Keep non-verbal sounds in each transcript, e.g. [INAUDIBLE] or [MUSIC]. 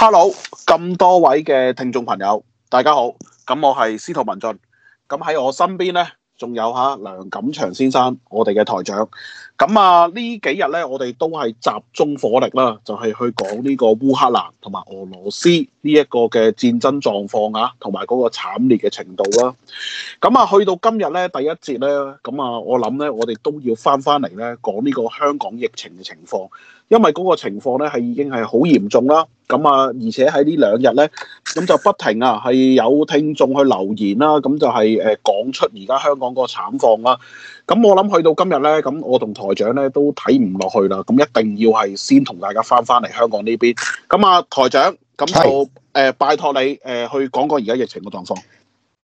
Hello，咁多位嘅聽眾朋友，大家好，咁我係司徒文進，咁喺我身邊呢，仲有吓梁錦祥先生，我哋嘅台長，咁啊呢幾日呢，我哋都係集中火力啦，就係去講呢個烏克蘭同埋俄羅斯。呢一個嘅戰爭狀況啊，同埋嗰個慘烈嘅程度啦、啊。咁啊，去到今日咧，第一節咧，咁啊，我諗咧，我哋都要翻翻嚟咧，講呢個香港疫情嘅情況，因為嗰個情況咧係已經係好嚴重啦。咁啊，而且喺呢兩日咧，咁就不停啊，係有聽眾去留言啦、啊，咁就係誒講出而家香港個慘況啦。咁我諗去到今日咧，咁我同台長咧都睇唔落去啦。咁一定要係先同大家翻翻嚟香港呢邊。咁啊，台長。咁就誒拜託你誒去講講而家疫情嘅狀況，是。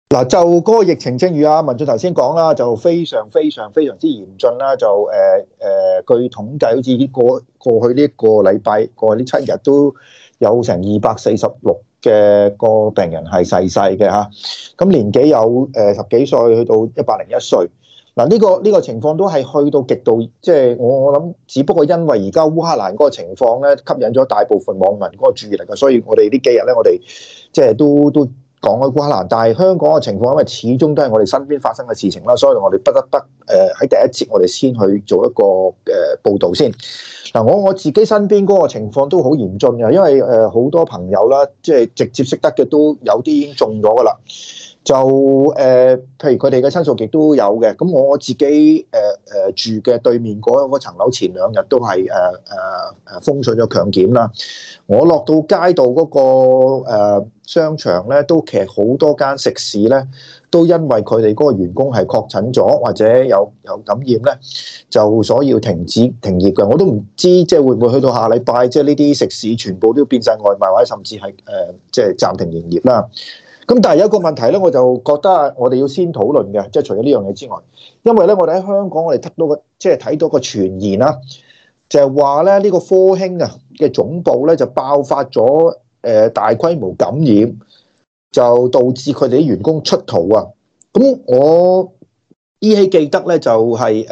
嗱，就嗰個疫情正如阿文俊頭先講啦，就非常非常非常之嚴峻啦。就誒誒、呃呃，據統計，好似過過去呢一個禮拜，過去呢七日都有成二百四十六嘅個病人係逝世嘅嚇，咁年紀有誒十幾歲去到一百零一歲。嗱，呢個呢個情況都係去到極度，即係我我諗，只不過因為而家烏克蘭嗰個情況咧，吸引咗大部分網民嗰個注意力啊，所以我哋呢幾日咧，我哋即係都都講咗烏克蘭。但係香港嘅情況，因為始終都係我哋身邊發生嘅事情啦，所以我哋不得不誒喺第一節我哋先去做一個誒報導先。嗱，我我自己身邊嗰個情況都好嚴峻嘅，因為誒好多朋友啦，即係直接識得嘅都有啲已經中咗㗎啦。就誒，譬、呃、如佢哋嘅親屬亦都有嘅。咁我自己誒誒、呃呃、住嘅對面嗰嗰層樓，前兩日都係誒誒誒封鎖咗強檢啦。我落到街道嗰、那個、呃、商場咧，都其實好多間食肆咧，都因為佢哋嗰個員工係確診咗，或者有有感染咧，就所以要停止停業嘅。我都唔知即係會唔會去到下禮拜，即係呢啲食肆全部都變晒外賣，或者甚至係誒即係暫停營業啦。咁但係有一個問題咧，我就覺得我哋要先討論嘅，即係除咗呢樣嘢之外，因為咧，我哋喺香港，我哋得到個即係睇到個傳言啦，就係話咧，呢個科興啊嘅總部咧就爆發咗誒大規模感染，就導致佢哋啲員工出逃啊。咁我依稀記得咧就係誒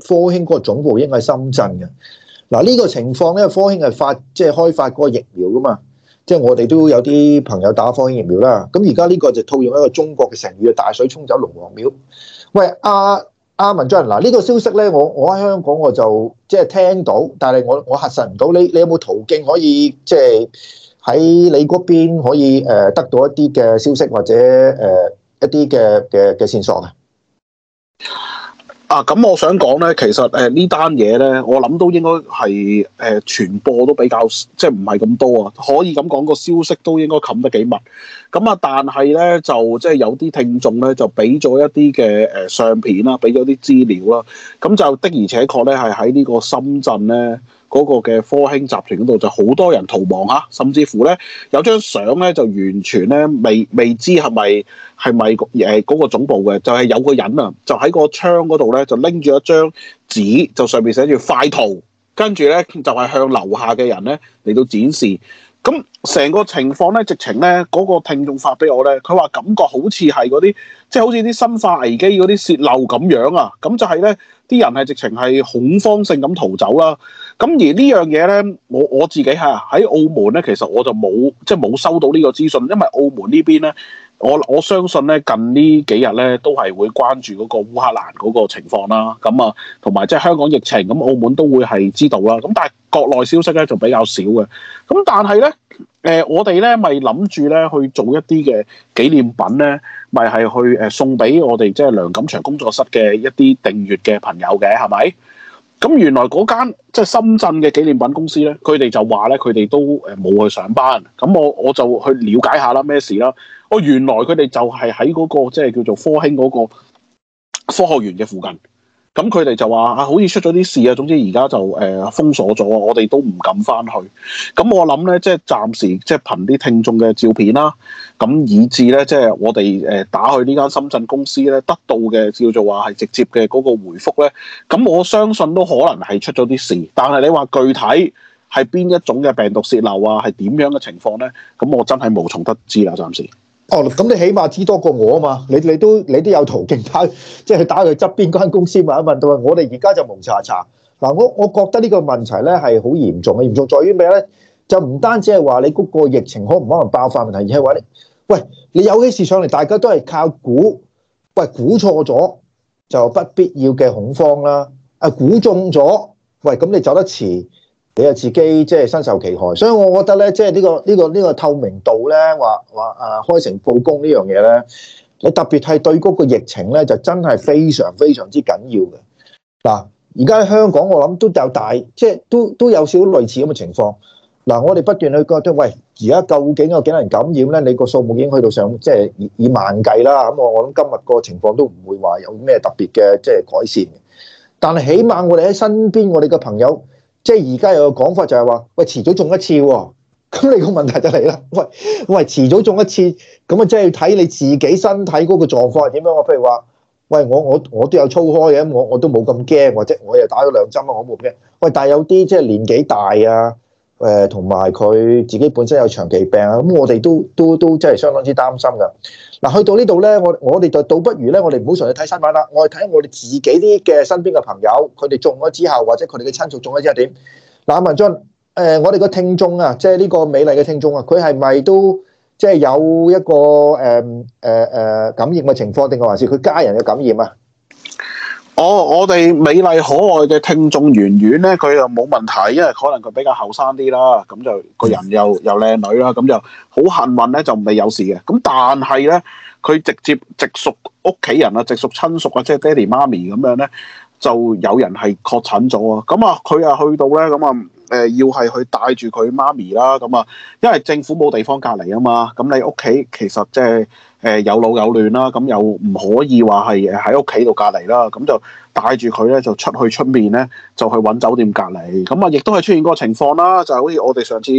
科興嗰個總部應該係深圳嘅。嗱，呢個情況咧，科興係發即係開發嗰個疫苗噶嘛。即係我哋都有啲朋友打防疫疫苗啦，咁而家呢個就套用一個中國嘅成語，大水沖走龍王廟。喂，阿、啊、阿、啊、文主任，嗱、這、呢個消息咧，我我喺香港我就即係聽到，但係我我核實唔到你，你你有冇途徑可以即係喺你嗰邊可以誒得到一啲嘅消息或者誒一啲嘅嘅嘅線索啊？咁我想講呢，其實誒呢單嘢呢，我諗都應該係誒傳播都比較即係唔係咁多啊，可以咁講個消息都應該冚得幾密。咁啊，但係呢，就即係有啲聽眾呢，就俾咗一啲嘅誒相片啦，俾咗啲資料啦，咁就的而且確呢，係喺呢個深圳呢。嗰個嘅科興集團嗰度就好多人逃亡嚇、啊，甚至乎咧有張相咧就完全咧未未知係咪係咪誒嗰個總部嘅，就係、是、有個人啊，就喺個窗嗰度咧就拎住一張紙，就上面寫住快逃，跟住咧就係、是、向樓下嘅人咧嚟到展示。咁成個情況咧，直情咧嗰個聽眾發俾我咧，佢話感覺好似係嗰啲即係好似啲生化危機嗰啲洩漏咁樣啊，咁就係咧啲人係直情係恐慌性咁逃走啦、啊。咁而呢樣嘢咧，我我自己係喺澳門咧，其實我就冇即係冇收到呢個資訊，因為澳門邊呢邊咧，我我相信咧近幾呢幾日咧都係會關注嗰個烏克蘭嗰個情況啦。咁、嗯、啊，同埋即係香港疫情，咁澳門都會係知道啦。咁但係國內消息咧就比較少嘅。咁但係咧，誒、呃、我哋咧咪諗住咧去做一啲嘅紀念品咧，咪、就、係、是、去誒送俾我哋即係梁錦祥工作室嘅一啲訂閱嘅朋友嘅，係咪？咁原來嗰間即係深圳嘅紀念品公司咧，佢哋就話咧，佢哋都誒冇、呃、去上班。咁我我就去了解下啦，咩事啦？哦，原來佢哋就係喺嗰個即係叫做科興嗰個科學園嘅附近。咁佢哋就話啊，好似出咗啲事啊，總之而家就誒、呃、封鎖咗，我哋都唔敢翻去。咁、嗯、我諗咧，即係暫時即係憑啲聽眾嘅照片啦。咁、嗯、以至咧，即係我哋誒、呃、打去呢間深圳公司咧，得到嘅叫做話係直接嘅嗰個回覆咧。咁、嗯、我相信都可能係出咗啲事，但係你話具體係邊一種嘅病毒泄漏啊，係點樣嘅情況咧？咁、嗯、我真係無從得知啦，暫時。哦，咁你起碼知多過我啊嘛，你你都你都有途徑打，即係打佢側邊嗰間公司問一問，佢話我哋而家就蒙查查。嗱，我我覺得呢個問題咧係好嚴重嘅，嚴重在於咩咧？就唔單止係話你嗰個疫情可唔可能爆發問題，而係話咧，喂，你有啲市上嚟，大家都係靠估，喂，估錯咗就不必要嘅恐慌啦。啊，估中咗，喂，咁你走得遲。你又自己即係身受其害，所以我覺得咧，即係呢個呢個呢個透明度咧，話話啊開誠佈公呢樣嘢咧，你特別係對嗰個疫情咧，就真係非常非常之緊要嘅。嗱，而家香港，我諗都有大，即係都都有少少類似咁嘅情況。嗱，我哋不斷去覺得，喂，而家究竟有幾多人感染咧？你個數目已經去到上，即係以萬計啦。咁我我諗今日個情況都唔會話有咩特別嘅即係改善嘅。但係起碼我哋喺身邊，我哋嘅朋友。即係而家有個講法就係話，喂，遲早中一次喎，咁你個問題就嚟啦。喂喂，遲早中一次，咁啊即係要睇你自己身體嗰個狀況係點樣啊？譬如話，喂我我我都有粗開嘅，我我都冇咁驚，或者我又打咗兩針啊，我冇咁驚。喂，但係有啲即係年紀大啊。誒同埋佢自己本身有長期病啊，咁我哋都都都真係相當之擔心噶。嗱，去到呢度咧，我我哋就倒不如咧，我哋唔好純粹睇新聞啦，我哋睇下我哋自己啲嘅身邊嘅朋友，佢哋中咗之後，或者佢哋嘅親屬中咗之後點？嗱，文進誒，我哋個聽眾啊，即係呢個美麗嘅聽眾啊，佢係咪都即係有一個誒誒誒感染嘅情況，定係還是佢家人嘅感染啊？Oh, 我我哋美麗可愛嘅聽眾圓圓咧，佢又冇問題，因為可能佢比較後生啲啦，咁就個人又又靚女啦，咁就好幸運咧，就唔係有事嘅。咁但係咧，佢直接直屬屋企人啊，直屬親屬啊，即係爹地媽咪咁樣咧，就有人係確診咗啊！咁啊，佢啊去到咧，咁啊誒，要係去帶住佢媽咪啦，咁啊，因為政府冇地方隔離啊嘛，咁你屋企其實即係。誒、呃、有老有嫩啦，咁又唔可以話係喺屋企度隔離啦，咁就帶住佢咧就出去出面咧，就去揾酒店隔離。咁啊，亦都係出現個情況啦，就係好似我哋上次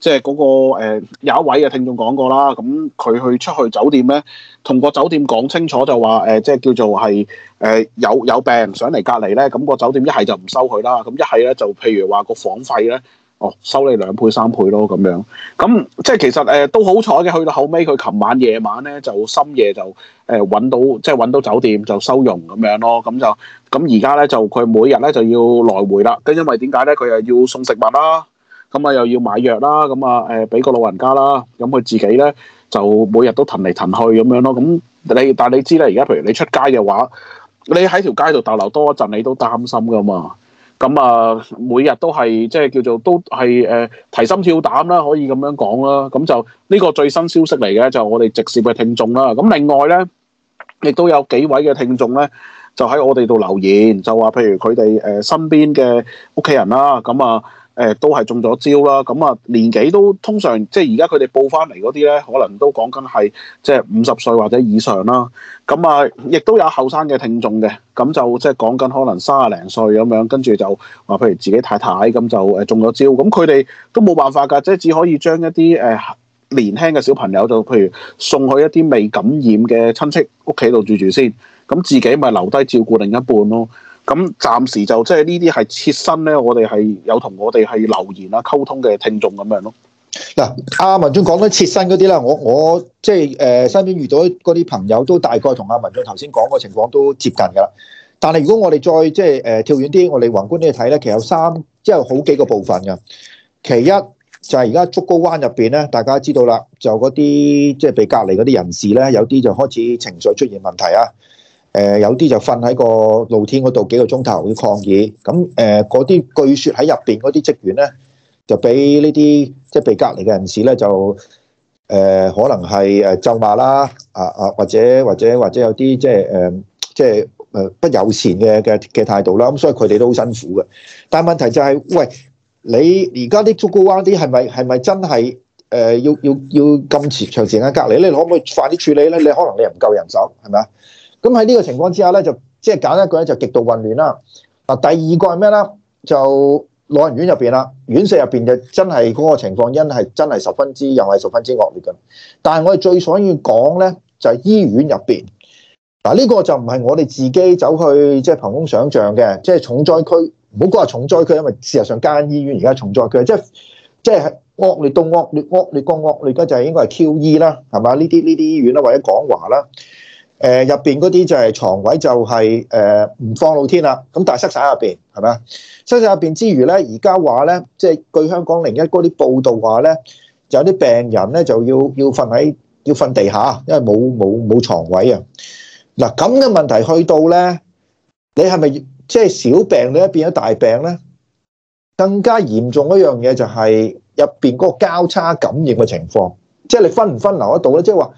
即係嗰、那個、呃、有一位嘅聽眾講過啦，咁佢去出去酒店咧，同個酒店講清楚就話、是、誒，即、呃、係叫做係誒有有病上嚟隔離咧，咁個酒店一係就唔收佢啦，咁一係咧就譬如話個房費咧，哦，收你兩倍、三倍咯，咁樣，咁即係其實誒、呃、都好彩嘅，去到後尾佢琴晚夜晚咧就深夜就誒揾、呃、到，即係揾到酒店就收容咁樣咯，咁就咁而家咧就佢每日咧就要來回啦，咁因為點解咧佢又要送食物啦，咁啊又要買藥啦，咁啊誒俾、呃、個老人家啦，咁佢自己咧就每日都騰嚟騰去咁樣咯，咁你但係你知咧，而家譬如你出街嘅話，你喺條街度逗留多一陣，你都擔心噶嘛。咁啊，每日都係即係叫做都係誒、呃、提心吊膽啦，可以咁樣講啦。咁就呢、這個最新消息嚟嘅，就係我哋直接嘅聽眾啦。咁另外咧，亦都有幾位嘅聽眾咧，就喺我哋度留言，就話譬如佢哋誒身邊嘅屋企人啦，咁啊。誒、呃、都係中咗招啦，咁、嗯、啊年紀都通常即係而家佢哋報翻嚟嗰啲咧，可能都講緊係即係五十歲或者以上啦。咁、嗯、啊，亦都有後生嘅聽眾嘅，咁、嗯、就即係講緊可能卅零歲咁樣，跟住就話譬如自己太太咁、嗯、就誒中咗招，咁佢哋都冇辦法㗎，即係只可以將一啲誒、呃、年輕嘅小朋友就譬如送去一啲未感染嘅親戚屋企度住住先，咁、嗯、自己咪留低照顧另一半咯。咁暫時就即係呢啲係切身咧，我哋係有同我哋係留言啦、啊、溝通嘅聽眾咁樣咯。嗱、啊，阿文進講緊切身嗰啲啦，我我即係誒身邊遇到嗰啲朋友都大概同阿文進頭先講個情況都接近㗎啦。但係如果我哋再即係誒跳遠啲，我哋宏觀啲去睇咧，其實有三即係、有、好幾個部分嘅。其一就係而家竹篙灣入邊咧，大家知道啦，就嗰啲即係被隔離嗰啲人士咧，有啲就開始情緒出現問題啊。誒有啲就瞓喺個露天嗰度幾個鐘頭去抗議，咁誒嗰啲據説喺入邊嗰啲職員咧，就俾呢啲即係被隔離嘅人士咧，就誒、呃、可能係誒咒罵啦，啊啊或者或者或者有啲即係誒即係誒不友善嘅嘅嘅態度啦，咁所以佢哋都好辛苦嘅。但係問題就係、是，喂，你而家啲竹篙灣啲係咪係咪真係誒、呃、要要要咁長時間隔離咧？你可唔可以快啲處理咧？你可能你唔夠人手，係咪啊？咁喺呢個情況之下咧，就即係揀一個咧就極度混亂啦。嗱，第二個係咩咧？就老人院入邊啦，院舍入邊就真係嗰個情況，因係真係十分之又係十分之惡劣嘅。但係我哋最想要講咧，就係、是、醫院入邊。嗱、啊，呢、這個就唔係我哋自己走去即係、就是、憑空想像嘅，即、就、係、是、重災區。唔好講話重災區，因為事實上間醫院而家重災區，即係即係惡劣到惡劣、惡劣過惡劣，而家就係應該係 QE 啦，係嘛？呢啲呢啲醫院啦，或者廣華啦。誒入邊嗰啲就係床位就，就係誒唔放露天啦。咁但係塞晒入邊，係咪啊？塞晒入邊之餘咧，而家話咧，即係據香港零一嗰啲報道話咧，就有啲病人咧就要要瞓喺要瞓地下，因為冇冇冇牀位啊。嗱咁嘅問題去到咧，你係咪即係小病你都變咗大病咧？更加嚴重一樣嘢就係入邊嗰個交叉感染嘅情況。即係你分唔分流得到咧？即係話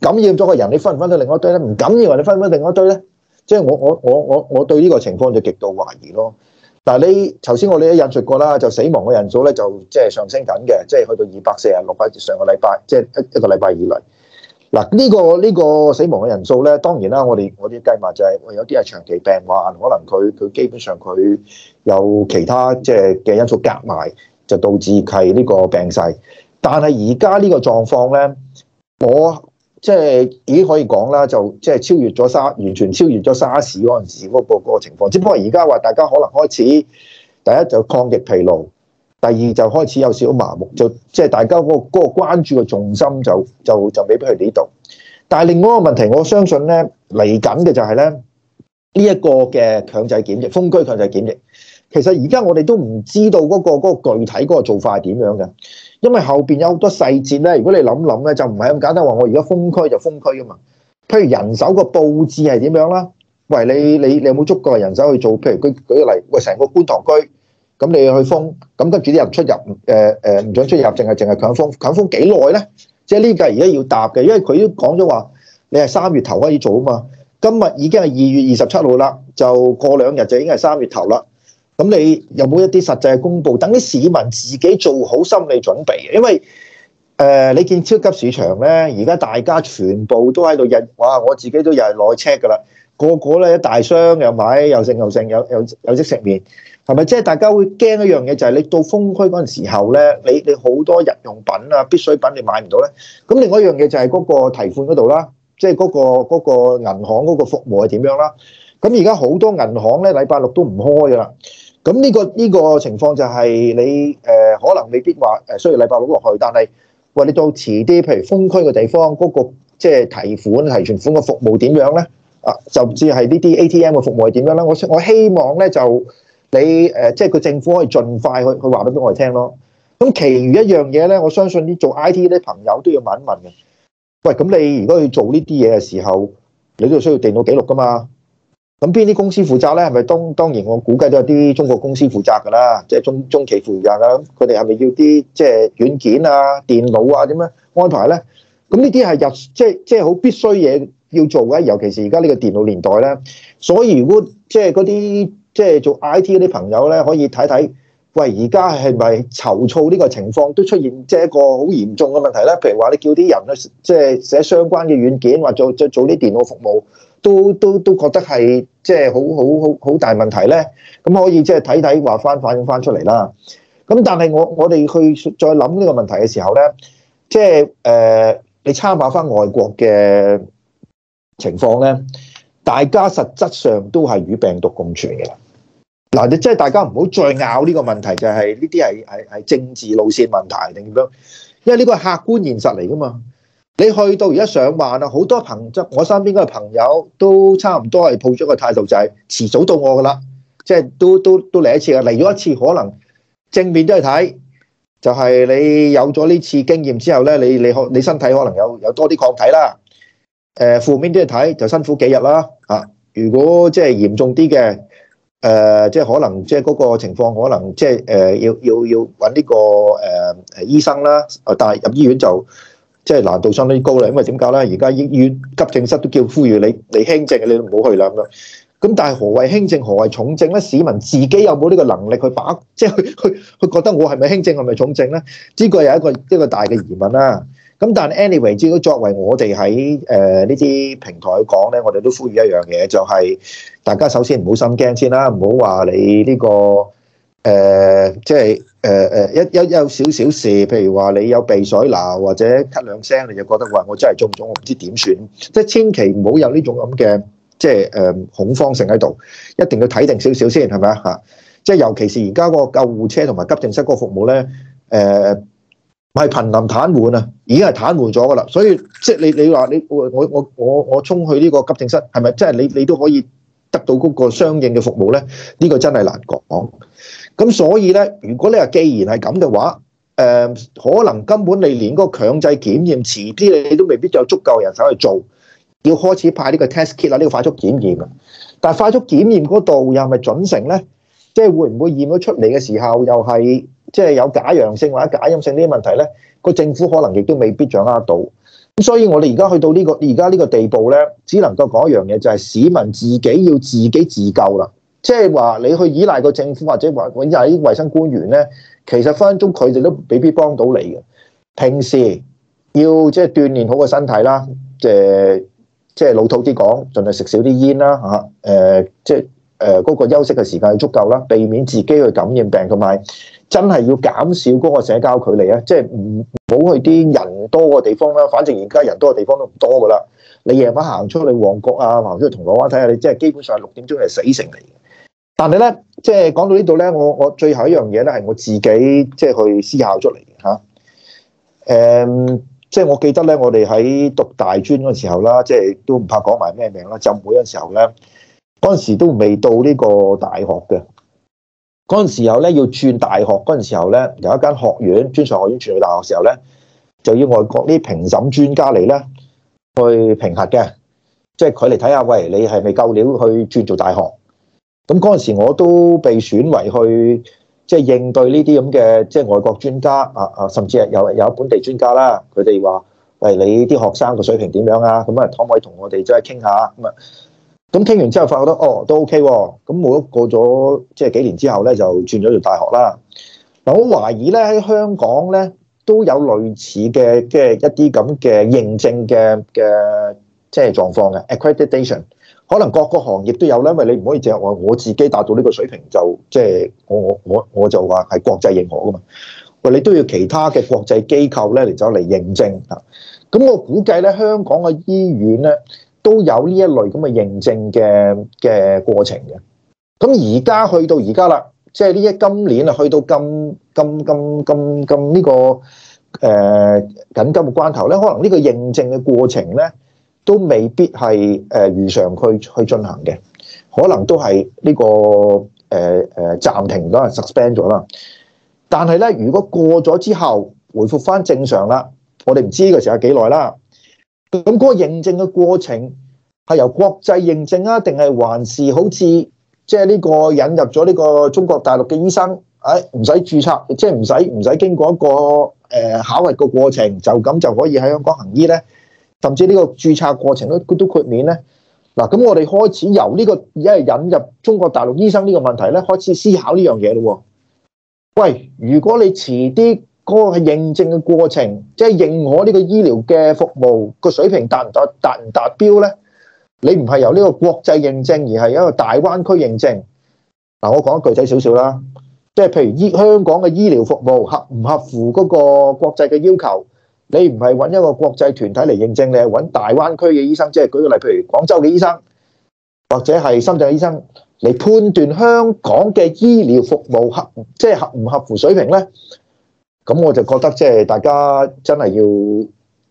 感染咗個人，你分唔分到另外一堆咧？唔感染人，你分唔分另一堆咧？即係我我我我我對呢個情況就極度懷疑咯。但係，你頭先我哋都引述過啦，就死亡嘅人數咧就即係上升緊嘅，即係去到二百四啊六啊上個禮拜，即係一一個禮拜以嚟。嗱呢個呢個死亡嘅人數咧，當然啦，我哋我哋計埋就係有啲係長期病患，可能佢佢基本上佢有其他即係嘅因素夾埋，就導致係呢個病逝。但係而家呢個狀況呢，我即係已經可以講啦，就即係超越咗沙，完全超越咗沙士嗰陣時嗰個情況。只不過而家話大家可能開始，第一就抗疫疲勞，第二就開始有少少麻木，就即係、就係、大家嗰個嗰個關注嘅重心就就就未必係呢度。但係另外一個問題，我相信呢嚟緊嘅就係呢呢一個嘅強制檢疫、封區強制檢疫。其實而家我哋都唔知道嗰個嗰個具體嗰個做法係點樣嘅，因為後邊有好多細節咧。如果你諗諗咧，就唔係咁簡單話。我而家封區就封區啊嘛。譬如人手個佈置係點樣啦？喂，你你你有冇足夠人手去做？譬如舉舉個例，喂成個觀塘區咁，你去封咁跟住啲人出入誒誒唔想出入，淨係淨係強封強封幾耐咧？即係呢個係而家要答嘅，因為佢都講咗話，你係三月頭可以做啊嘛。今日已經係二月二十七號啦，就過兩日就已經係三月頭啦。咁你有冇一啲實際嘅公佈？等啲市民自己做好心理準備，因為誒、呃、你見超級市場咧，而家大家全部都喺度日，哇！我自己都又係攞車噶啦，個個咧一大箱又買又剩又剩有又又即食麵，係咪？即係大家會驚一樣嘢就係、是、你到封區嗰陣時候咧，你你好多日用品啊、必需品你買唔到咧。咁另外一樣嘢就係嗰個提款嗰度啦，即係嗰個嗰、那個、銀行嗰個服務係點樣啦？咁而家好多銀行咧，禮拜六都唔開噶啦。咁呢個呢個情況就係你誒可能未必話誒需要禮拜六落去，但係喂你到遲啲，譬如封區嘅地方，嗰個即係提款、提存款嘅服務點樣咧？啊，就唔知係呢啲 ATM 嘅服務係點樣咧？我希我希望咧就你誒即係個政府可以盡快去去話到俾我哋聽咯。咁，其餘一樣嘢咧，我相信啲做 IT 啲朋友都要問一問嘅。喂，咁你如果要做呢啲嘢嘅時候，你都要需要電腦記錄噶嘛？咁邊啲公司負責咧？係咪當當然我估計都係啲中國公司負責㗎啦，即係中中期負責㗎。佢哋係咪要啲即係軟件啊、電腦啊點樣安排咧？咁呢啲係入即係即係好必須嘢要做嘅，尤其是而家呢個電腦年代咧。所以如果即係嗰啲即係做 IT 嗰啲朋友咧，可以睇睇。喂，而家係咪籌措呢個情況都出現即係一個好嚴重嘅問題咧？譬如話你叫啲人咧，即係寫相關嘅軟件或做做做啲電腦服務。都都都覺得係即係好好好大問題咧，咁可以即係睇睇話翻反映翻出嚟啦。咁但係我我哋去再諗呢個問題嘅時候咧，即係誒你參考翻外國嘅情況咧，大家實質上都係與病毒共存嘅啦。嗱，你即係大家唔好再拗呢個問題，就係呢啲係係係政治路線問題定點樣？因為呢個係客觀現實嚟噶嘛。你去到而家上萬啦，好多朋友，我身邊嘅朋友都差唔多係抱咗個態度，就係，就係遲早到我噶啦，即係都都都嚟一次啊！嚟咗一次可能正面都係睇，就係、係、你有咗呢次經驗之後咧，你你可你身體可能有有多啲抗體啦。誒、呃、負面都係睇就辛苦幾日啦嚇。如果即係嚴重啲嘅，誒、呃、即係可能即係嗰個情況可能即係誒要要要搵呢、呢個誒誒、呃、醫生啦。但係入醫院就～即係難度相當高啦，因為點解咧？而家醫院急症室都叫呼籲你你輕症，你都唔好去諗啦咁樣。咁但係何謂輕症、何謂重症咧？市民自己有冇呢個能力去把，即係佢佢佢覺得我係咪輕症、係咪重症咧？呢個係一個一個大嘅疑問啦。咁但係 anyway，只要作為我哋喺誒呢啲平台講咧，我哋都呼籲一樣嘢，就係大家首先唔好心驚先啦，唔好話你呢個。誒，即係誒誒，一一有少少事，譬如話你有鼻水流，或者咳兩聲，你就覺得話我真係中唔中，我唔知點算。即係千祈唔好有呢種咁嘅，即係誒恐慌性喺度，一定要睇定少少先，係咪啊？嚇！即係尤其是而家個救護車同埋急症室嗰個服務咧，誒、呃，係瀕臨癱瘓啊，已經係癱瘓咗噶啦。所以即係你你話你我我我我我衝去呢個急症室，係咪即係你你都可以？得到嗰個相應嘅服務呢，呢、呢個真係難講。咁所以呢，如果你話既然係咁嘅話，誒、呃、可能根本你連嗰個強制檢驗遲啲你都未必有足夠人手去做，要開始派呢個 test kit 啊，呢個快速檢驗。但係快速檢驗嗰度又係咪準成呢？即係會唔會驗到出嚟嘅時候又係即係有假陽性或者假陰性呢啲問題呢？個政府可能亦都未必掌握到。所以我哋而家去到呢個而家呢個地步咧，只能夠講一樣嘢，就係市民自己要自己自救啦。即係話，你去依賴個政府或者話依賴啲衛生官員咧，其實分分鐘佢哋都未必幫到你嘅。平時要即係鍛煉好個身體啦，誒，即係老土啲講，盡量食少啲煙啦吓，誒，即係誒嗰個休息嘅時間要足夠啦，避免自己去感染病，同埋真係要減少嗰個社交距離啊！即係唔～去啲人多嘅地方啦，反正而家人多嘅地方都唔多噶啦。你夜晚行出去旺角啊，行出去銅鑼灣睇下，你即係基本上六點鐘係死城嚟嘅。但係咧，即係講到呢度咧，我我最後一樣嘢咧係我自己即係、就是、去思考出嚟嘅吓。誒、嗯，即、就、係、是、我記得咧，我哋喺讀大專嗰時候啦，即、就、係、是、都唔怕講埋咩名啦。浸會嗰時候咧，嗰陣時都未到呢個大學嘅。嗰陣時候咧，要轉大學嗰陣、那個、時候咧，有一間學院專上學院轉去大學時候咧，就要外國啲評審專家嚟咧去評核嘅，即係佢嚟睇下，喂，你係咪夠料去轉做大學？咁嗰陣時我都被選為去即係應對呢啲咁嘅即係外國專家啊啊，甚至係有有本地專家啦，佢哋話，喂，你啲學生個水平點樣啊？咁啊，可唔可以同我哋再傾下咁啊？咁傾完之後，發覺得哦都 OK 喎，咁我咗過咗即係幾年之後咧，就轉咗做大學啦。嗱，我懷疑咧喺香港咧都有類似嘅即係一啲咁嘅認證嘅嘅即係狀況嘅 accreditation，可能各個行業都有咧，因為你唔可以淨係話我自己達到呢個水平就即係、就是、我我我我就話係國際認可噶嘛。喂，你都要其他嘅國際機構咧嚟咗嚟認證啊。咁我估計咧，香港嘅醫院咧，都有呢一類咁嘅認證嘅嘅過程嘅，咁而家去到而家啦，即係呢一今年啊，去到咁咁咁咁咁呢個誒、呃、緊急嘅關頭咧，可能呢個認證嘅過程咧，都未必係誒如常去去進行嘅，可能都係呢、呢個誒誒、呃、暫停咗、suspend 咗啦。但係咧，如果過咗之後回復返正常啦，我哋唔知呢個時候幾耐啦。咁嗰個認證嘅過程係由國際認證啊，定係還是好似即係呢個引入咗呢個中國大陸嘅醫生，誒唔使註冊，即係唔使唔使經過一個誒、呃、考核嘅過程，就咁就可以喺香港行醫呢？甚至呢個註冊過程都都豁免呢？嗱，咁我哋開始由呢個而家係引入中國大陸醫生呢個問題咧，開始思考呢樣嘢咯。喂，如果你遲啲？嗰個係認證嘅過程，即係認可呢個醫療嘅服務個水平達唔達達唔達標咧？你唔係由呢個國際認證，而係一個大灣區認證。嗱、啊，我講具體少少啦，即係譬如醫香港嘅醫療服務合唔合乎嗰個國際嘅要求？你唔係揾一個國際團體嚟認證，你係揾大灣區嘅醫生，即係舉個例，譬如廣州嘅醫生或者係深圳醫生嚟判斷香港嘅醫療服務合即係合唔合乎水平咧？咁我就覺得即係大家真係要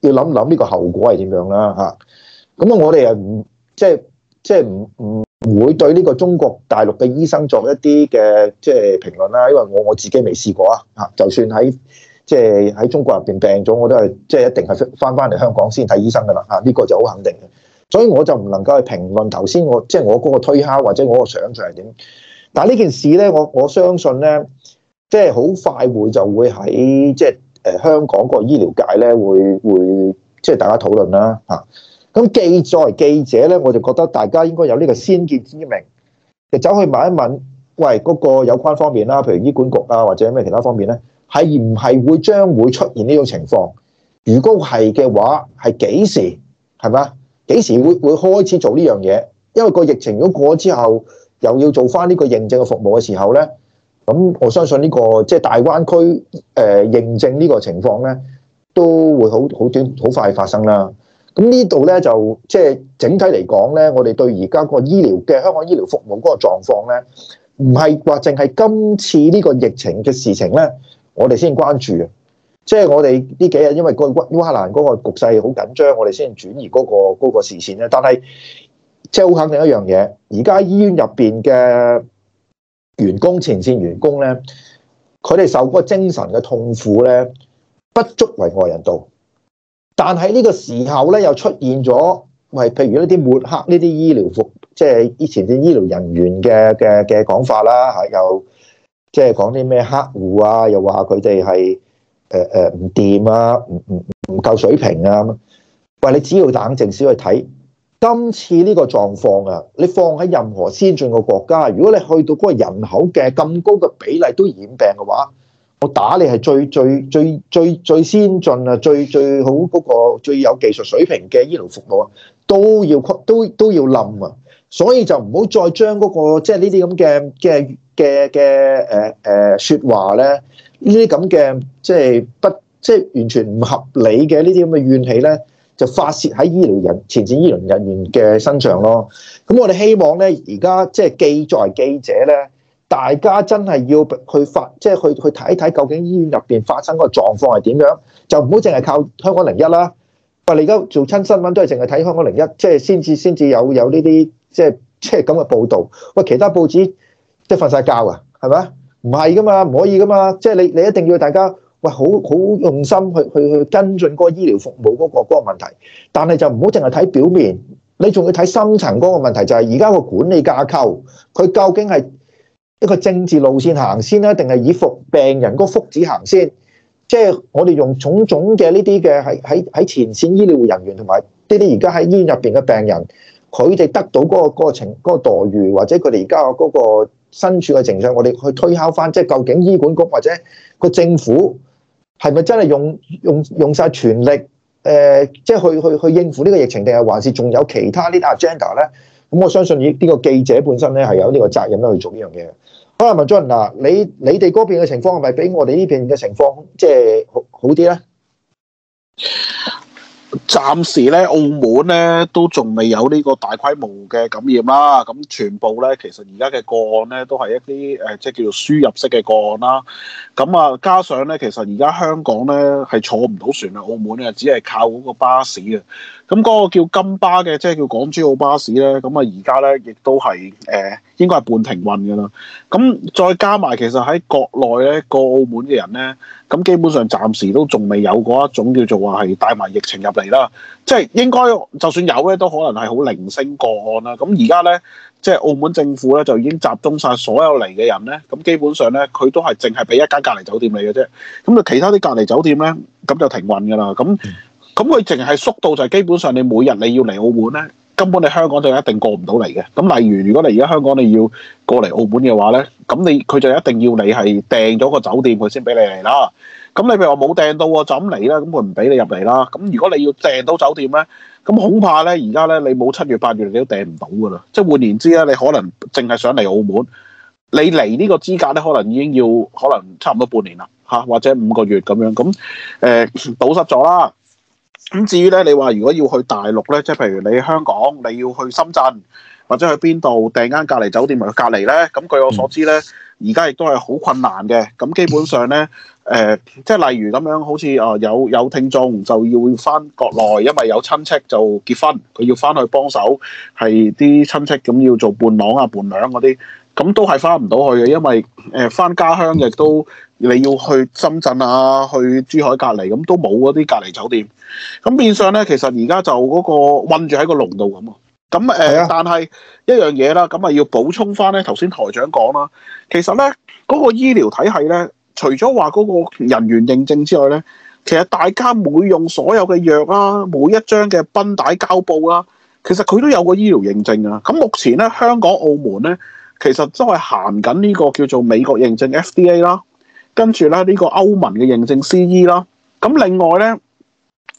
要諗諗呢個後果係點樣啦吓。咁啊，我哋又唔即係即係唔唔會對呢個中國大陸嘅醫生作一啲嘅即係評論啦，因為我我自己未試過啊吓。就算喺即係喺中國入邊病咗，我都係即係一定係翻翻嚟香港先睇醫生噶啦吓，呢個就好肯定嘅。所以我就唔能夠去評論頭先我即係我嗰個推敲或者我個想象係點。但係呢件事咧，我我相信咧。即係好快會就會喺即係誒香港個醫療界咧，會會即係、就是、大家討論啦嚇。咁、啊、記者作為記者咧，我就覺得大家應該有呢個先見之明，就走去問一問，喂嗰、那個有關方面啦，譬如醫管局啊，或者咩其他方面咧，係唔係會將會出現呢種情況？如果係嘅話，係幾時？係咪？幾時會會開始做呢樣嘢？因為個疫情如果過咗之後，又要做翻呢個認證嘅服務嘅時候咧。咁我相信呢、這個即係、就是、大灣區誒、呃、認證呢個情況呢，都會好好短好快發生啦。咁呢度呢，就即係、就是、整體嚟講呢，我哋對而家個醫療嘅香港醫療服務嗰個狀況咧，唔係話淨係今次呢個疫情嘅事情呢，我哋先關注嘅。即、就、係、是、我哋呢幾日因為個烏克蘭嗰個局勢好緊張，我哋先轉移嗰、那個嗰個視線咧。但係即係好肯定一樣嘢，而家醫院入邊嘅。員工、前線員工咧，佢哋受嗰個精神嘅痛苦咧，不足為外人道。但係呢個時候咧，又出現咗，咪譬如呢啲抹黑呢啲醫療服，即係以前啲醫療人員嘅嘅嘅講法啦，嚇又即係講啲咩黑戶啊，又話佢哋係誒誒唔掂啊，唔唔唔夠水平啊，喂，你只要等靜少去睇。今次呢個狀況啊，你放喺任何先進嘅國家，如果你去到嗰個人口嘅咁高嘅比例都染病嘅話，我打你係最最最最最最先進啊，最最好嗰個最有技術水平嘅醫療服務啊，都要都都要冧啊！所以就唔好再將嗰個即係、uh, 呢啲咁嘅嘅嘅嘅誒誒説話咧，呢啲咁嘅即係不即係完全唔合理嘅呢啲咁嘅怨氣咧。就發泄喺醫療人、前線醫療人員嘅身上咯。咁我哋希望咧，而家即係記載記者咧，大家真係要去發，即係去去睇睇究竟醫院入邊發生個狀況係點樣，就唔好淨係靠香港零一啦。喂，你而家做親新聞都係淨係睇香港零一，即係先至先至有有呢啲即係即係咁嘅報導。喂，其他報紙即係瞓晒覺啊，係咪？唔係㗎嘛，唔可以㗎嘛。即係你你一定要大家。喂，好好用心去去去跟進個醫療服務嗰個嗰個問題，但係就唔好淨係睇表面，你仲要睇深層嗰個問題，就係而家個管理架構，佢究竟係一個政治路線行先咧，定係以服病人嗰個福祉行先？即係我哋用種種嘅呢啲嘅喺喺前線醫療人員同埋呢啲而家喺醫院入邊嘅病人，佢哋得到嗰個過程嗰個待遇，或者佢哋而家嗰個身處嘅情勢，我哋去推敲翻，即係究竟醫管局或者個政府？係咪真係用用用曬全力？誒、呃，即係去去去應付呢個疫情，定係還是仲有其他呢個 agenda 咧？咁我相信呢呢個記者本身咧，係有呢個責任咧去做呢樣嘢。好啦，文進，嗱，你你哋嗰邊嘅情況係咪比我哋呢邊嘅情況即係好好啲咧？暫時咧，澳門咧都仲未有呢個大規模嘅感染啦。咁全部咧，其實而家嘅個案咧都係一啲誒，即、呃、係叫做輸入式嘅個案啦。咁啊，加上咧，其實而家香港咧係坐唔到船啊，澳門咧只係靠嗰個巴士啊。咁嗰個叫金巴嘅，即係叫港珠澳巴士咧，咁啊，而家咧亦都係誒應該係半停運噶啦。咁再加埋其實喺國內咧過澳門嘅人咧，咁基本上暫時都仲未有嗰一種叫做話係帶埋疫情入嚟啦。即係應該就算有咧，都可能係好零星個案啦。咁而家咧，即係澳門政府咧就已經集中曬所有嚟嘅人咧，咁基本上咧佢都係淨係俾一間隔離酒店嚟嘅啫。咁啊，其他啲隔離酒店咧，咁就停運噶啦。咁咁佢淨係縮到就係基本上，你每日你要嚟澳門咧，根本你香港就一定過唔到嚟嘅。咁例如，如果你而家香港你要過嚟澳門嘅話咧，咁你佢就一定要你係訂咗個酒店，佢先俾你嚟啦。咁你咪話冇訂到喎，就咁嚟啦，咁佢唔俾你入嚟啦。咁如果你要訂到酒店咧，咁恐怕咧而家咧你冇七月八月你都訂唔到噶啦。即係換言之咧，你可能淨係想嚟澳門，你嚟呢個資格咧，可能已經要可能差唔多半年啦嚇，或者五個月咁樣咁誒、嗯，堵塞咗啦。咁至於咧，你話如果要去大陸咧，即係譬如你香港，你要去深圳或者去邊度訂間隔離酒店嚟隔離咧？咁據我所知咧，而家亦都係好困難嘅。咁基本上咧，誒、呃，即係例如咁樣，好似啊、呃、有有聽眾就要翻國內，因為有親戚就結婚，佢要翻去幫手，係啲親戚咁要做伴郎啊、伴娘嗰啲，咁都係翻唔到去嘅，因為誒翻、呃、家鄉亦都。你要去深圳啊，去珠海隔離咁都冇嗰啲隔離酒店，咁變相咧，其實而家就嗰個困住喺個籠度咁啊。咁誒，呃、的但係一樣嘢啦，咁啊要補充翻咧，頭先台長講啦，其實咧嗰、嗰個醫療體系咧，除咗話嗰個人員認證之外咧，其實大家每用所有嘅藥啦、啊，每一張嘅繃帶膠布啦、啊，其實佢都有個醫療認證啊。咁目前咧，香港、澳門咧，其實都係行緊呢個叫做美國認證 FDA 啦。跟住咧，呢、這個歐盟嘅認證 C.E. 啦、啊。咁另外咧，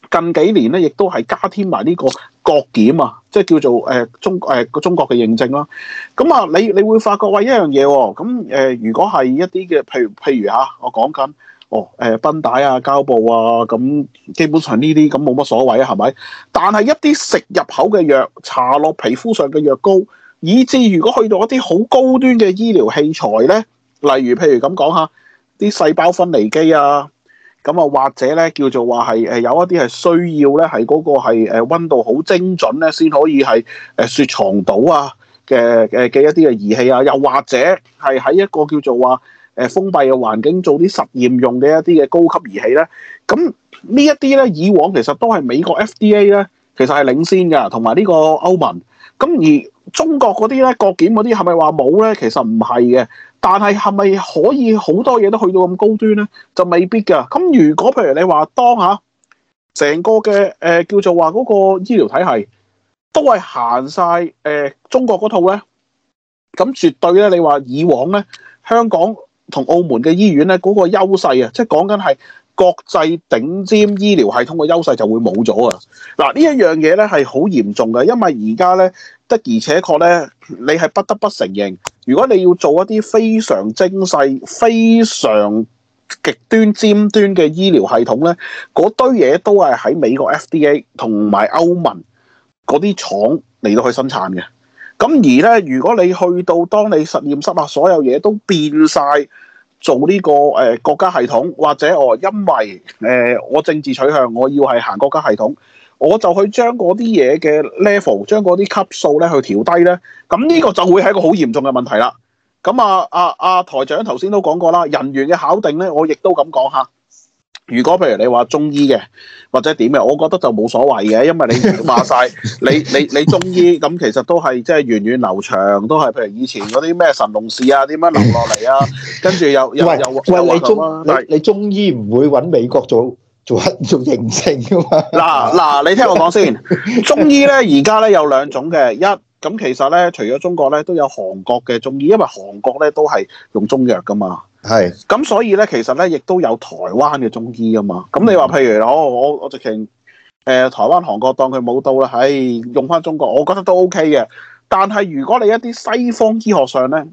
近幾年咧，亦都係加添埋呢個國檢啊，即係叫做誒、呃、中誒個、呃、中國嘅認證啦、啊。咁啊，你你會發覺喂一樣嘢喎。咁、啊、誒、呃，如果係一啲嘅，譬如譬如嚇，我講緊哦誒，繃、呃、帶啊、膠布啊，咁基本上呢啲咁冇乜所謂啊，係咪？但係一啲食入口嘅藥，搽落皮膚上嘅藥膏，以至如果去到一啲好高端嘅醫療器材咧，例如譬如咁講嚇。啲細胞分離機啊，咁啊或者咧叫做話係誒有一啲係需要咧係嗰個係誒溫度好精準咧先可以係誒雪藏到啊嘅誒嘅一啲嘅儀器啊，又或者係喺一個叫做話誒封閉嘅環境做啲實驗用嘅一啲嘅高級儀器咧，咁呢一啲咧以往其實都係美國 FDA 咧，其實係領先㗎，同埋呢個歐盟。咁而中國嗰啲咧，國檢嗰啲係咪話冇咧？其實唔係嘅，但係係咪可以好多嘢都去到咁高端咧？就未必㗎。咁如果譬如你話當下成個嘅誒、呃、叫做話嗰個醫療體系都係行晒誒中國嗰套咧，咁絕對咧你話以往咧香港同澳門嘅醫院咧嗰、嗰個優勢啊，即係講緊係，國際頂尖醫療系統嘅優勢就會冇咗啊！嗱，呢一樣嘢咧係好嚴重嘅，因為而家咧，的而且確咧，你係不得不承認，如果你要做一啲非常精細、非常極端尖端嘅醫療系統咧，嗰堆嘢都係喺美國 FDA 同埋歐盟嗰啲廠嚟到去生產嘅。咁而咧，如果你去到當你實驗室啊，所有嘢都變晒。做呢、這個誒、呃、國家系統，或者我、呃、因為誒、呃、我政治取向，我要係行國家系統，我就去將嗰啲嘢嘅 level，將嗰啲級數咧去調低咧，咁呢個就會係一個好嚴重嘅問題啦。咁啊啊啊台長頭先都講過啦，人員嘅考定咧，我亦都咁講吓。如果譬如你話中醫嘅或者點嘅，我覺得就冇所謂嘅，因為你話曬 [LAUGHS] 你你你中醫咁，其實都係即係源遠流長，都係譬如以前嗰啲咩神農氏啊，點樣流落嚟啊，跟住又又又喂你中但是你你中醫唔會揾美國做做黑做認證㗎嘛？嗱 [LAUGHS] 嗱，你聽我講先，中醫咧而家咧有兩種嘅，一咁其實咧除咗中國咧都有韓國嘅中醫，因為韓國咧都係用中藥㗎嘛。係，咁是所以咧，其實咧，亦都有台灣嘅中醫啊嘛。咁你話譬如、嗯哦、我我我直情誒台灣韓國當佢冇到啦，唉、哎，用翻中國，我覺得都 OK 嘅。但係如果你一啲西方醫學上咧，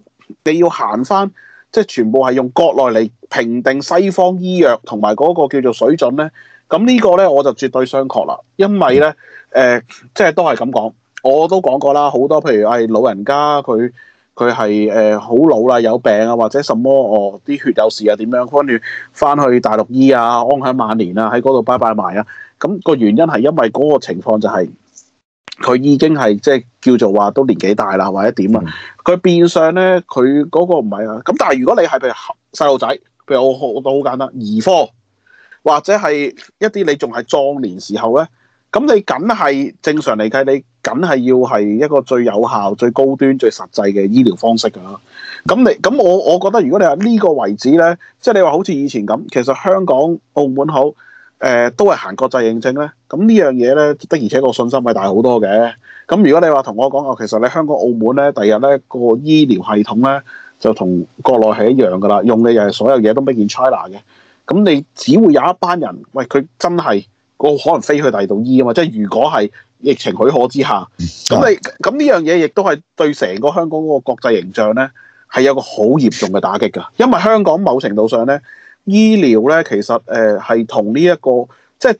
你要行翻即係全部係用國內嚟評定西方醫藥同埋嗰個叫做水準咧，咁呢個咧我就絕對商榷啦。因為咧誒、嗯呃，即係都係咁講，我都講過啦，好多譬如誒、哎、老人家佢。佢係誒好老啦，有病啊，或者什麼哦，啲血有事啊，點樣？跟住翻去大陸醫啊，安享晚年啊，喺嗰度拜拜埋啊。咁、個原因係因為嗰個情況就係、是、佢已經係即係叫做話都年紀大啦，或者點啊。佢、嗯、變相咧，佢嗰個唔係啊。咁但係如果你係譬如細路仔，譬如我我都好簡單兒科，或者係一啲你仲係壯年時候咧，咁你梗係正常嚟計你。梗係要係一個最有效、最高端、最實際嘅醫療方式㗎啦。咁你咁我，我覺得如果你喺呢個位置呢，即係你話好似以前咁，其實香港、澳門好，誒都係行國際認證呢。咁呢樣嘢呢，的而且個信心係大好多嘅。咁如果你話同我講哦，其實你香港、澳門呢，第日呢個醫療系統呢，就同國內係一樣㗎啦，用嘅又係所有嘢都 built in China 嘅。咁你只會有一班人，喂佢真係個可能飛去第二度醫啊嘛，即係如果係。疫情許可之下，咁你咁呢樣嘢，亦都係對成個香港嗰個國際形象咧，係有個好嚴重嘅打擊㗎。因為香港某程度上咧，醫療咧其實誒係、呃、同呢、這、一個即係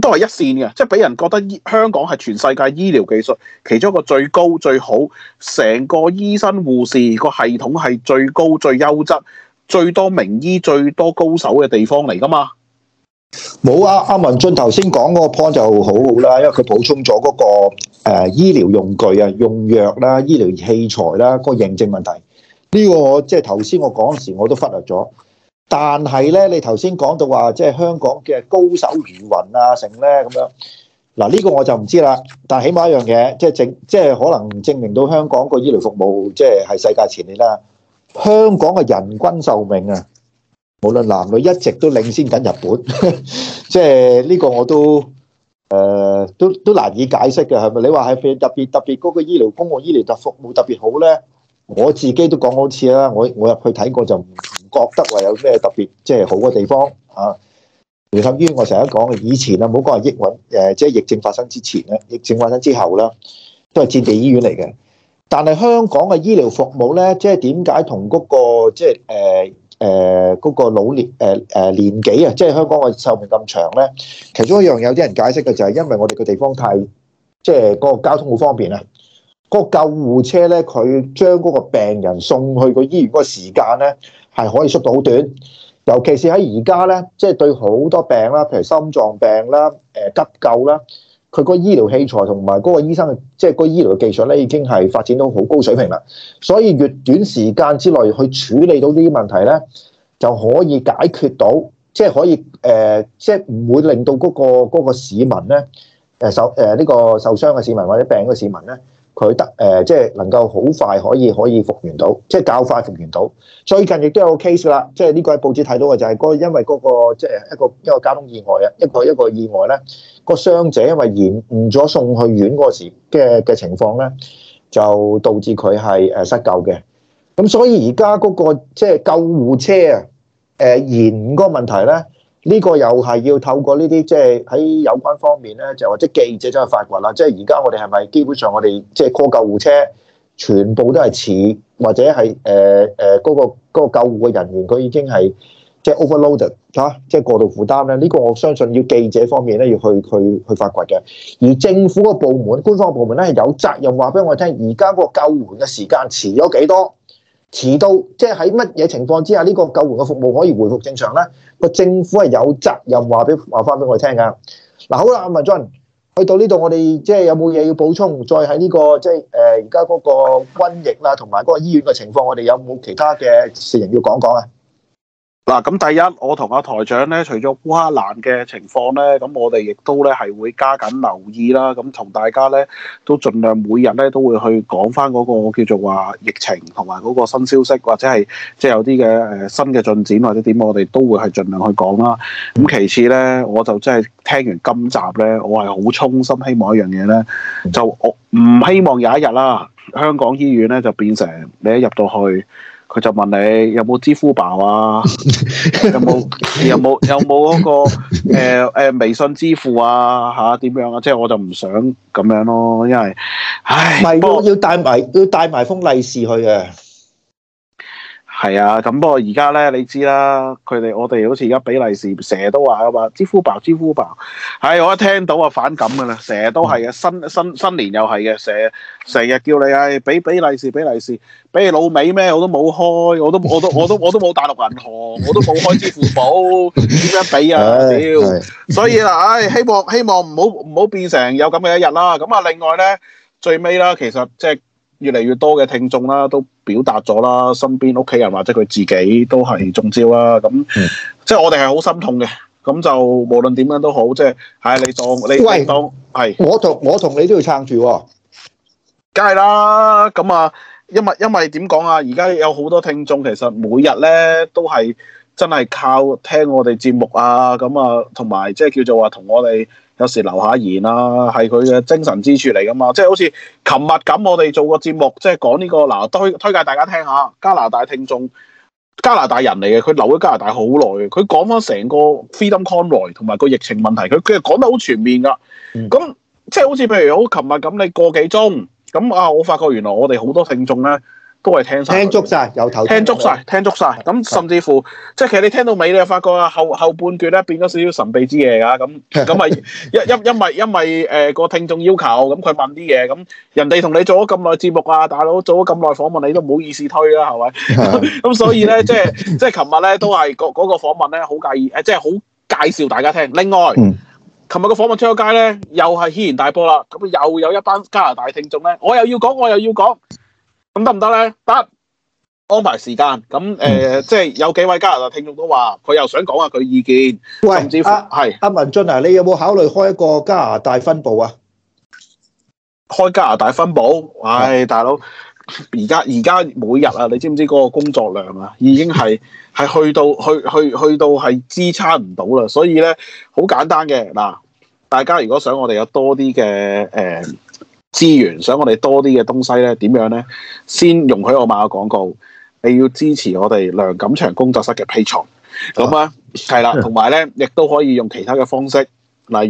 都係一線嘅，即係俾人覺得香港係全世界醫療技術其中一個最高最好、成個醫生護士個系統係最高最優質、最多名醫最多高手嘅地方嚟㗎嘛。冇啊！阿文俊頭先講個 point 就好好啦，因為佢補充咗嗰、那個誒、呃、醫療用具啊、用藥啦、醫療器材啦、個認證問題。呢、這個即我即係頭先我講時我都忽略咗。但係咧，你頭先講到話即係香港嘅高手如雲啊，成咧咁樣嗱，呢、這個我就唔知啦。但起碼一樣嘢，即係證，即係可能證明到香港個醫療服務即係係世界前列啦。香港嘅人均壽命啊！無論男女，一直都領先緊日本，即係呢個我都誒、呃、都都難以解釋嘅，係咪？你話係特別特別高嘅醫療公共醫療服務特別好咧？我自己都講好似啦，我我入去睇過就唔覺得話有咩特別即係好嘅地方啊。聯合醫院我成日講，以前啊，唔好講係抑穩誒，即係疫症發生之前咧，疫症發生之後啦，都係戰地醫院嚟嘅。但係香港嘅醫療服務咧，即係點解同嗰個即係誒？就是呃誒嗰、呃那個老年誒誒、呃、年紀啊，即係香港嘅壽命咁長咧，其中一樣有啲人解釋嘅就係因為我哋個地方太即係嗰個交通好方便啊，嗰個救護車咧，佢將嗰個病人送去個醫院嗰個時間咧，係可以縮到好短，尤其是喺而家咧，即係對好多病啦，譬如心臟病啦、誒、呃、急救啦。佢個醫療器材同埋嗰個醫生嘅，即係嗰個醫療技術咧，已經係發展到好高水平啦。所以越短時間之內去處理到呢啲問題咧，就可以解決到，即係可以誒，即係唔會令到嗰個嗰個市民咧，誒受誒呢個受傷嘅市民或者病嘅市民咧。佢得誒，即係能夠好快可以可以復原到，即係較快復原到。最近亦都有個 case 啦，即係呢個喺報紙睇到嘅就係嗰個因為嗰個即係一個一個交通意外啊，一個一個意外咧，個傷者因為延誤咗送去院嗰時嘅嘅情況咧，就導致佢係誒失救嘅。咁所以而家嗰個即係救護車啊，誒延誤嗰個問題咧。呢個又係要透過呢啲即係喺有關方面咧，就或者記者走去發掘啦。即係而家我哋係咪基本上我哋即係 call 救護車，全部都係似，或者係誒誒嗰個嗰個救護嘅人員，佢已經係即係 overloaded 嚇，即係過度負擔咧。呢個我相信要記者方面咧要去去去發掘嘅。而政府個部門、官方部門咧係有責任話俾我聽，而家嗰個救援嘅時間遲咗幾多？遲到，即係喺乜嘢情況之下，呢個救援嘅服務可以回復正常咧？個政府係有責任話俾話翻俾我哋聽㗎。嗱，好啦，阿文進，去到呢度，我哋即係有冇嘢要補充？再喺呢個即係誒而家嗰個瘟疫啦、啊，同埋嗰個醫院嘅情況，我哋有冇其他嘅事情要講講啊？嗱咁，第一，我同阿台長咧，除咗烏克蘭嘅情況咧，咁我哋亦都咧係會加緊留意啦。咁同大家咧都盡量每日咧都會去講翻嗰個叫做話疫情同埋嗰個新消息，或者係即係有啲嘅誒新嘅進展或者點，我哋都會係盡量去講啦。咁其次咧，我就真係聽完今集咧，我係好衷心希望一樣嘢咧，就我唔希望有一日啦、啊，香港醫院咧就變成你一入到去。佢就問你有冇支付寶啊？ [LAUGHS] 有冇有冇有冇嗰、那個誒、呃呃、微信支付啊？嚇點樣啊？樣即係我就唔想咁樣咯，因為，唉，不不我要帶埋要帶埋封利是去嘅。係啊，咁不過而家咧，你知啦，佢哋我哋好似而家俾利是，成日都話噶嘛，支付寶，支付寶，係、哎、我一聽到啊反感噶啦，成日都係啊，新新新年又係嘅，成成日叫你係俾俾利是俾利是，俾你老味咩？我都冇開，我都我都我都我都冇大陸銀行，我都冇開支付寶，點樣俾啊？屌！ [LAUGHS] 所以啦，唉、哎，希望希望唔好唔好變成有咁嘅一日啦。咁啊，另外咧，最尾啦，其實即、就、係、是。越嚟越多嘅聽眾啦，都表達咗啦，身邊屋企人或者佢自己都係中招啦。咁、嗯、即係我哋係好心痛嘅。咁就無論點樣都好，即係，唉、哎，你，你喂當你當係我同我同你都要撐住喎、哦。梗係啦。咁啊，因為因為點講啊？而家有好多聽眾，其實每日咧都係真係靠聽我哋節目啊。咁啊，同埋即係叫做話同我哋。有時留下言啦、啊，係佢嘅精神支柱嚟噶嘛，即係好似琴日咁，我哋做個節目，即係講呢個嗱、呃、推推介大家聽下加拿大聽眾，加拿大人嚟嘅，佢留咗加拿大好耐，佢講翻成個 Freedom Convoy 同埋個疫情問題，佢佢係講得好全面噶。咁、嗯、即係好似譬如好琴日咁，你過幾鐘咁啊，我發覺原來我哋好多聽眾咧。都係聽曬，聽足晒，有頭。聽足晒，聽足晒，咁甚至乎，即、就、係、是、其實你聽到尾，你又發覺後後半段咧變咗少少神秘之夜㗎。咁咁咪因因因為 [LAUGHS] 因為誒個、呃、聽眾要求，咁佢問啲嘢，咁人哋同你做咗咁耐節目啊，大佬做咗咁耐訪問，你都唔好意思推啦、啊，係咪？咁 [LAUGHS] [LAUGHS] 所以咧，即係即係琴日咧都係嗰嗰個訪問咧好介意，誒即係好介紹大家聽。另外，琴日個訪問出咗街咧又係軒然大波啦，咁又有一班加拿大聽眾咧，我又要講，我又要講。得唔得咧？得安排時間。咁誒、呃，即係有幾位加拿大聽眾都話，佢又想講下佢意見。喂，係阿文俊啊，你有冇考慮開一個加拿大分部啊？開加拿大分部，唉、哎，啊、大佬，而家而家每日啊，你知唔知嗰個工作量啊，已經係係去到去去去到係支撐唔到啦。所以咧，好簡單嘅嗱，大家如果想我哋有多啲嘅誒。呃資源，想我哋多啲嘅東西咧，點樣咧先容許我賣個廣告？你要支持我哋梁錦祥工作室嘅 Patreon，咁啊係啦，同埋咧亦都可以用其他嘅方式，例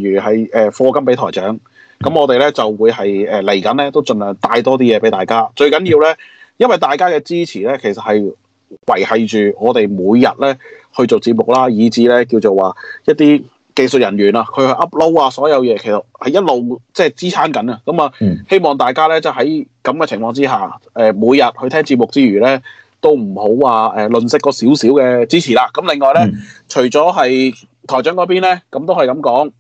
如係誒課金俾台長，咁我哋咧就會係誒嚟緊咧都盡量帶多啲嘢俾大家。最緊要咧，因為大家嘅支持咧，其實係維繫住我哋每日咧去做節目啦，以至咧叫做話一啲。技術人員啊，佢去 upload 啊，所有嘢其實係一路即係、就是、支撐緊啊。咁、嗯、啊，希望大家咧就喺咁嘅情況之下，誒、呃、每日去聽節目之餘咧，都唔好話誒吝嗇嗰少少嘅支持啦。咁、嗯、另外咧，除咗係台長嗰邊咧，咁都係咁講，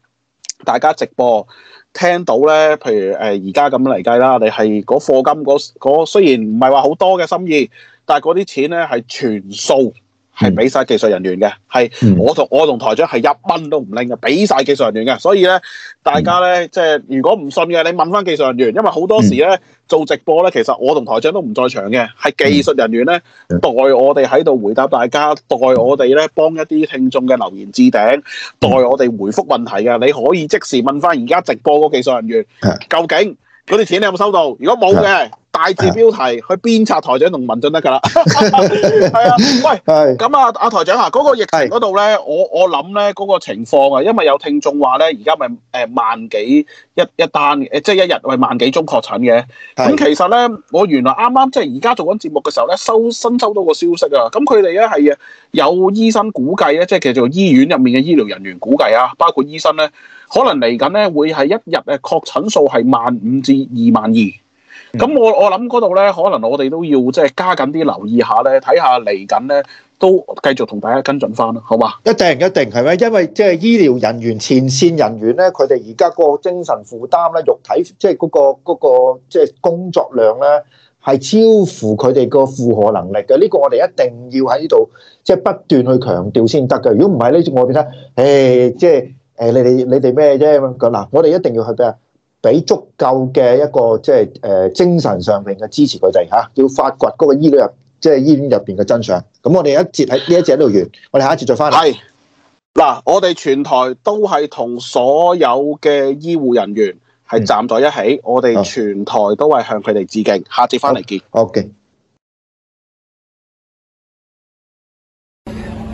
大家直播聽到咧，譬如誒而家咁嚟計啦，你係嗰課金嗰嗰雖然唔係話好多嘅心意，但係嗰啲錢咧係全數。係俾晒技術人員嘅，係我同我同台長係一蚊都唔拎嘅，俾晒技術人員嘅。所以咧，大家咧即係如果唔信嘅，你問翻技術人員，因為好多時咧做直播咧，其實我同台長都唔在場嘅，係技術人員咧代我哋喺度回答大家，代我哋咧幫一啲聽眾嘅留言置頂，代我哋回覆問題嘅。你可以即時問翻而家直播嗰個技術人員，究竟嗰啲錢你有冇收到？如果冇嘅。大字標題去鞭策台長同文進，就得㗎啦，係 [MUSIC] [MUSIC] [LAUGHS] 啊，喂，咁啊，阿、啊、台長啊，嗰、那個疫情嗰度咧，我我諗咧嗰個情況啊，因為有聽眾話咧，而家咪誒萬幾一一單嘅，即係一日係萬幾宗確診嘅。咁的其實咧，我原來啱啱即係而家做緊節目嘅時候咧，收新收到個消息啊，咁佢哋咧係啊有醫生估計咧，即係叫做醫院入面嘅醫療人員估計啊，包括醫生咧，可能嚟緊咧會係一日誒確診數係萬五至二萬二。咁、嗯、我我諗嗰度咧，可能我哋都要即係加緊啲留意下咧，睇下嚟緊咧都繼續同大家跟進翻啦，好嘛？一定一定係咪？因為即係醫療人員、前線人員咧，佢哋而家個精神負擔咧、肉體即係嗰個、嗰個即係、嗰個即係、工作量咧，係超乎佢哋個負荷能力嘅。呢、呢個我哋一定要喺呢度即係不斷去強調先得㗎。如果唔係呢，我哋咧，誒、欸，即係誒，你哋你哋咩啫？嗱，我哋一定要去俾啊！俾足夠嘅一個即係誒精神上面嘅支持佢哋吓，要發掘嗰個醫院入即係、就是、醫院入邊嘅真相。咁我哋一節喺呢一節喺度完，我哋下一節再翻嚟。係嗱、啊，我哋全台都係同所有嘅醫護人員係站在一起，嗯、我哋全台都係向佢哋致敬。嗯、下一節翻嚟見。o、okay、k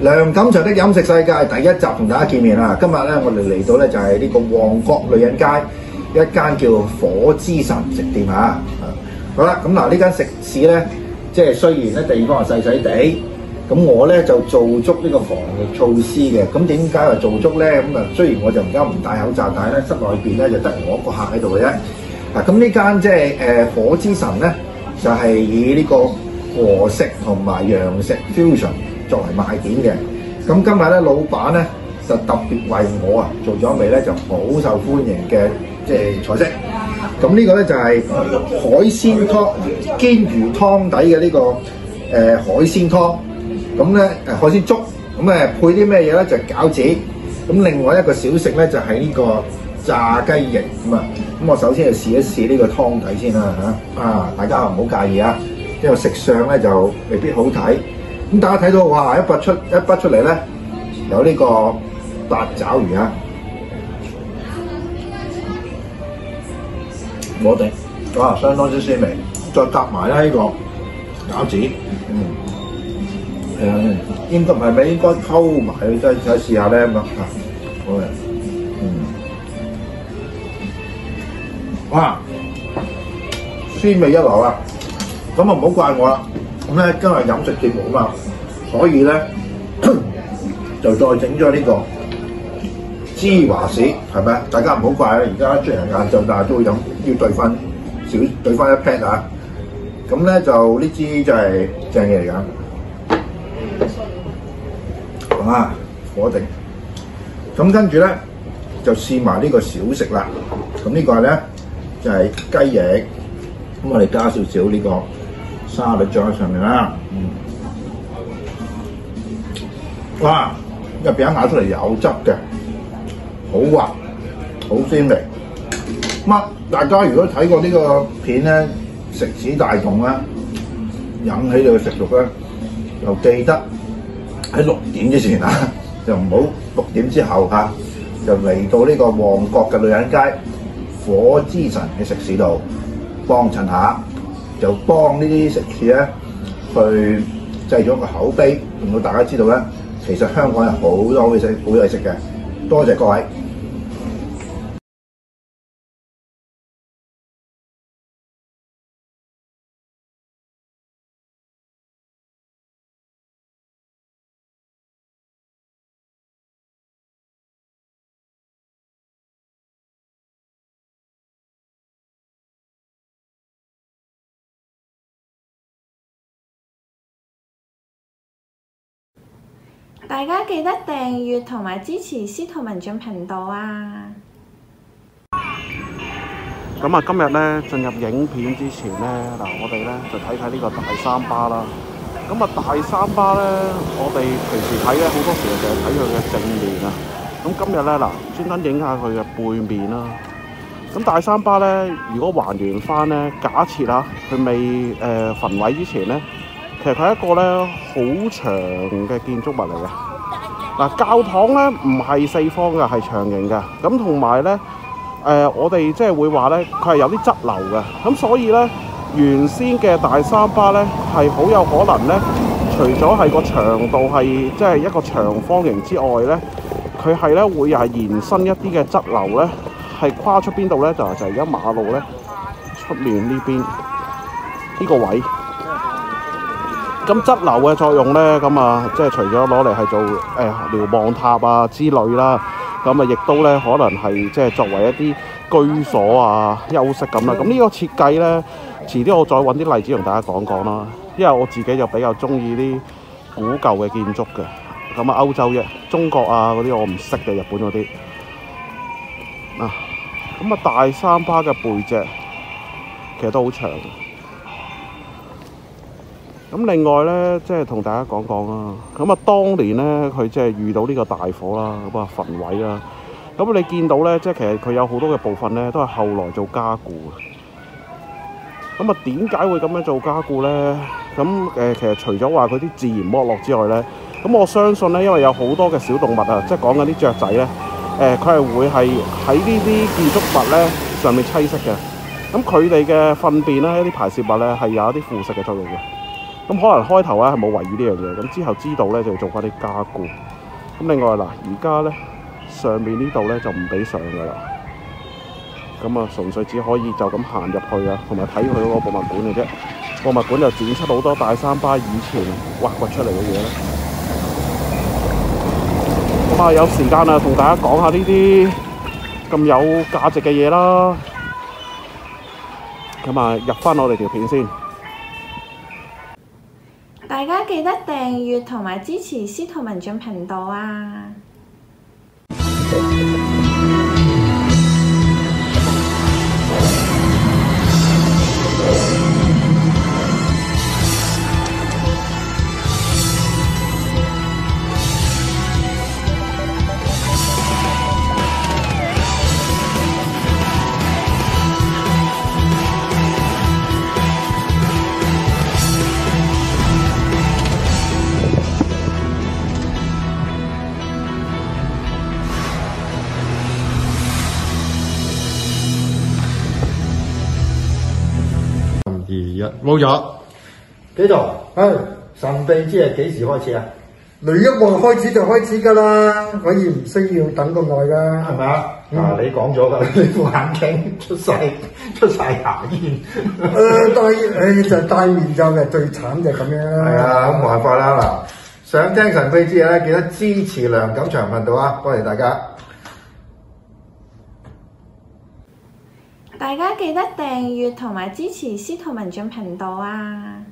梁錦祥的飲食世界第一集同大家見面啦，今日咧我哋嚟到咧就係呢個旺角女人街。一間叫火之神食店啊，啊好啦，咁嗱呢間食肆咧，即係雖然咧地方係細細地，咁我咧就做足呢個防疫措施嘅。咁點解話做足咧？咁啊雖然我就而家唔戴口罩，但係咧室內邊咧就得我一個客喺度嘅啫。嗱、啊，咁呢間即係誒火之神咧，就係、是、以呢個和式同埋洋式 fusion 作為賣點嘅。咁今日咧，老闆咧就特別為我啊做咗一味咧就好受歡迎嘅。即係菜式，咁呢、這個咧就係海鮮湯，鮮魚湯底嘅呢、這個誒、呃、海鮮湯，咁咧誒海鮮粥，咁、嗯、誒配啲咩嘢咧？就係、是、餃子，咁、嗯、另外一個小食咧就係、是、呢個炸雞翼，咁、嗯、啊，咁、嗯、我首先就試一試呢個湯底先啦嚇，啊大家唔好介意啊，因為食相咧就未必好睇，咁、嗯、大家睇到哇一筆出一筆出嚟咧，有呢個八爪魚啊！我哋哇，相當之鮮味，再夾埋啦呢個餃子，嗯，誒、嗯嗯、應該唔係咩，應該收埋再，再試下呢嘛嚇，好啊，嗯，哇，鮮味一流啊，咁啊唔好怪我啦，今日飲食節目啊嘛，所以呢，就再整咗呢個。芝華士係咪大家唔好怪、嗯、啊！而家出嚟晏晝，但係都會飲，要兌翻少，兌翻一 pack 啊！咁咧就呢支就係正嘢嚟㗎。咁啊火定。咁跟住咧就試埋呢個小食啦。咁呢個咧就係、是、雞翼。咁我哋加少少呢個沙律醬喺上面啦。哇、嗯！一、啊、咬出嚟有汁嘅。好滑，好鮮味。咁大家如果睇過呢個片咧，食肆大同咧，引起你嘅食欲，咧，就記得喺六點之前啊，就唔好六點之後嚇，就嚟到呢個旺角嘅女人街，火之神喺食肆度幫襯下，就幫呢啲食肆咧，去製咗個口碑，令到大家知道咧，其實香港有好多好嘢食，好嘢食嘅。多謝各位。大家記得訂閱同埋支持司徒文進頻道啊！咁啊，今日咧進入影片之前咧，嗱，我哋咧就睇睇呢個大三巴啦。咁啊，大三巴咧，我哋平時睇咧，好多時候就係睇佢嘅正面啊。咁今日咧，嗱，專登影下佢嘅背面啦。咁大三巴咧，如果還原翻咧，假設啊，佢未誒焚毀之前咧。其實佢係一個咧好長嘅建築物嚟嘅，嗱，教堂咧唔係四方嘅，係長形嘅。咁同埋咧，誒、呃、我哋即係會話咧，佢係有啲側流嘅。咁所以咧，原先嘅大三巴咧係好有可能咧，除咗係個長度係即係一個長方形之外咧，佢係咧會係延伸一啲嘅側流咧，係跨出邊度咧就係就係而家馬路咧出面呢邊呢個位。咁質流嘅作用咧，咁啊，即係除咗攞嚟係做誒瞭望塔啊之類啦，咁啊，亦都咧可能係即係作為一啲居所啊、休息咁、啊、啦。咁呢個設計咧，遲啲我再揾啲例子同大家講講啦。因為我自己就比較中意啲古舊嘅建築嘅。咁啊，歐洲嘅、中國啊嗰啲我唔識嘅，日本嗰啲。啊，咁啊，大三巴嘅背脊其實都好長。咁另外咧，即係同大家講講啦。咁啊，當年咧，佢即係遇到呢個大火啦，咁啊焚毀啦。咁你見到咧，即係其實佢有好多嘅部分咧，都係後來做加固嘅。咁啊，點解會咁樣做加固咧？咁誒、呃，其實除咗話佢啲自然剝落之外咧，咁我相信咧，因為有好多嘅小動物啊，即係講緊啲雀仔咧，誒、呃，佢係會係喺呢啲建築物咧上面棲息嘅。咁佢哋嘅糞便咧、啲排泄物咧，係有一啲腐蝕嘅作用嘅。咁可能開頭咧係冇懷疑呢樣嘢，咁之後知道咧就要做翻啲加固。咁另外嗱，而家咧上面呢度咧就唔俾上噶啦。咁啊，純粹只可以就咁行入去啊，同埋睇佢嗰個博物館嘅啫。博物館又展出好多大三巴以前挖掘出嚟嘅嘢啦。咁啊， [NOISE] 有時間啊，同大家講下呢啲咁有價值嘅嘢啦。咁啊，入翻我哋條片先。大家記得訂閱同埋支持司徒文進頻道啊！冇咗，幾多？道哎、神秘之夜幾時開始啊？雷一望開始就開始噶啦，可 [LAUGHS] 以唔需要等咁耐噶，係咪、嗯、你講咗啦，你副眼鏡出晒出晒牙煙，誒、呃，對、 [LAUGHS] 哎，就是、戴面罩嘅 [LAUGHS] 最慘就咁樣啦。啊，冇辦法啦。嗱，想聽神秘之夜咧，記得支持梁錦祥頻道啊，多謝大家。大家記得訂閱同埋支持司徒文進頻道啊！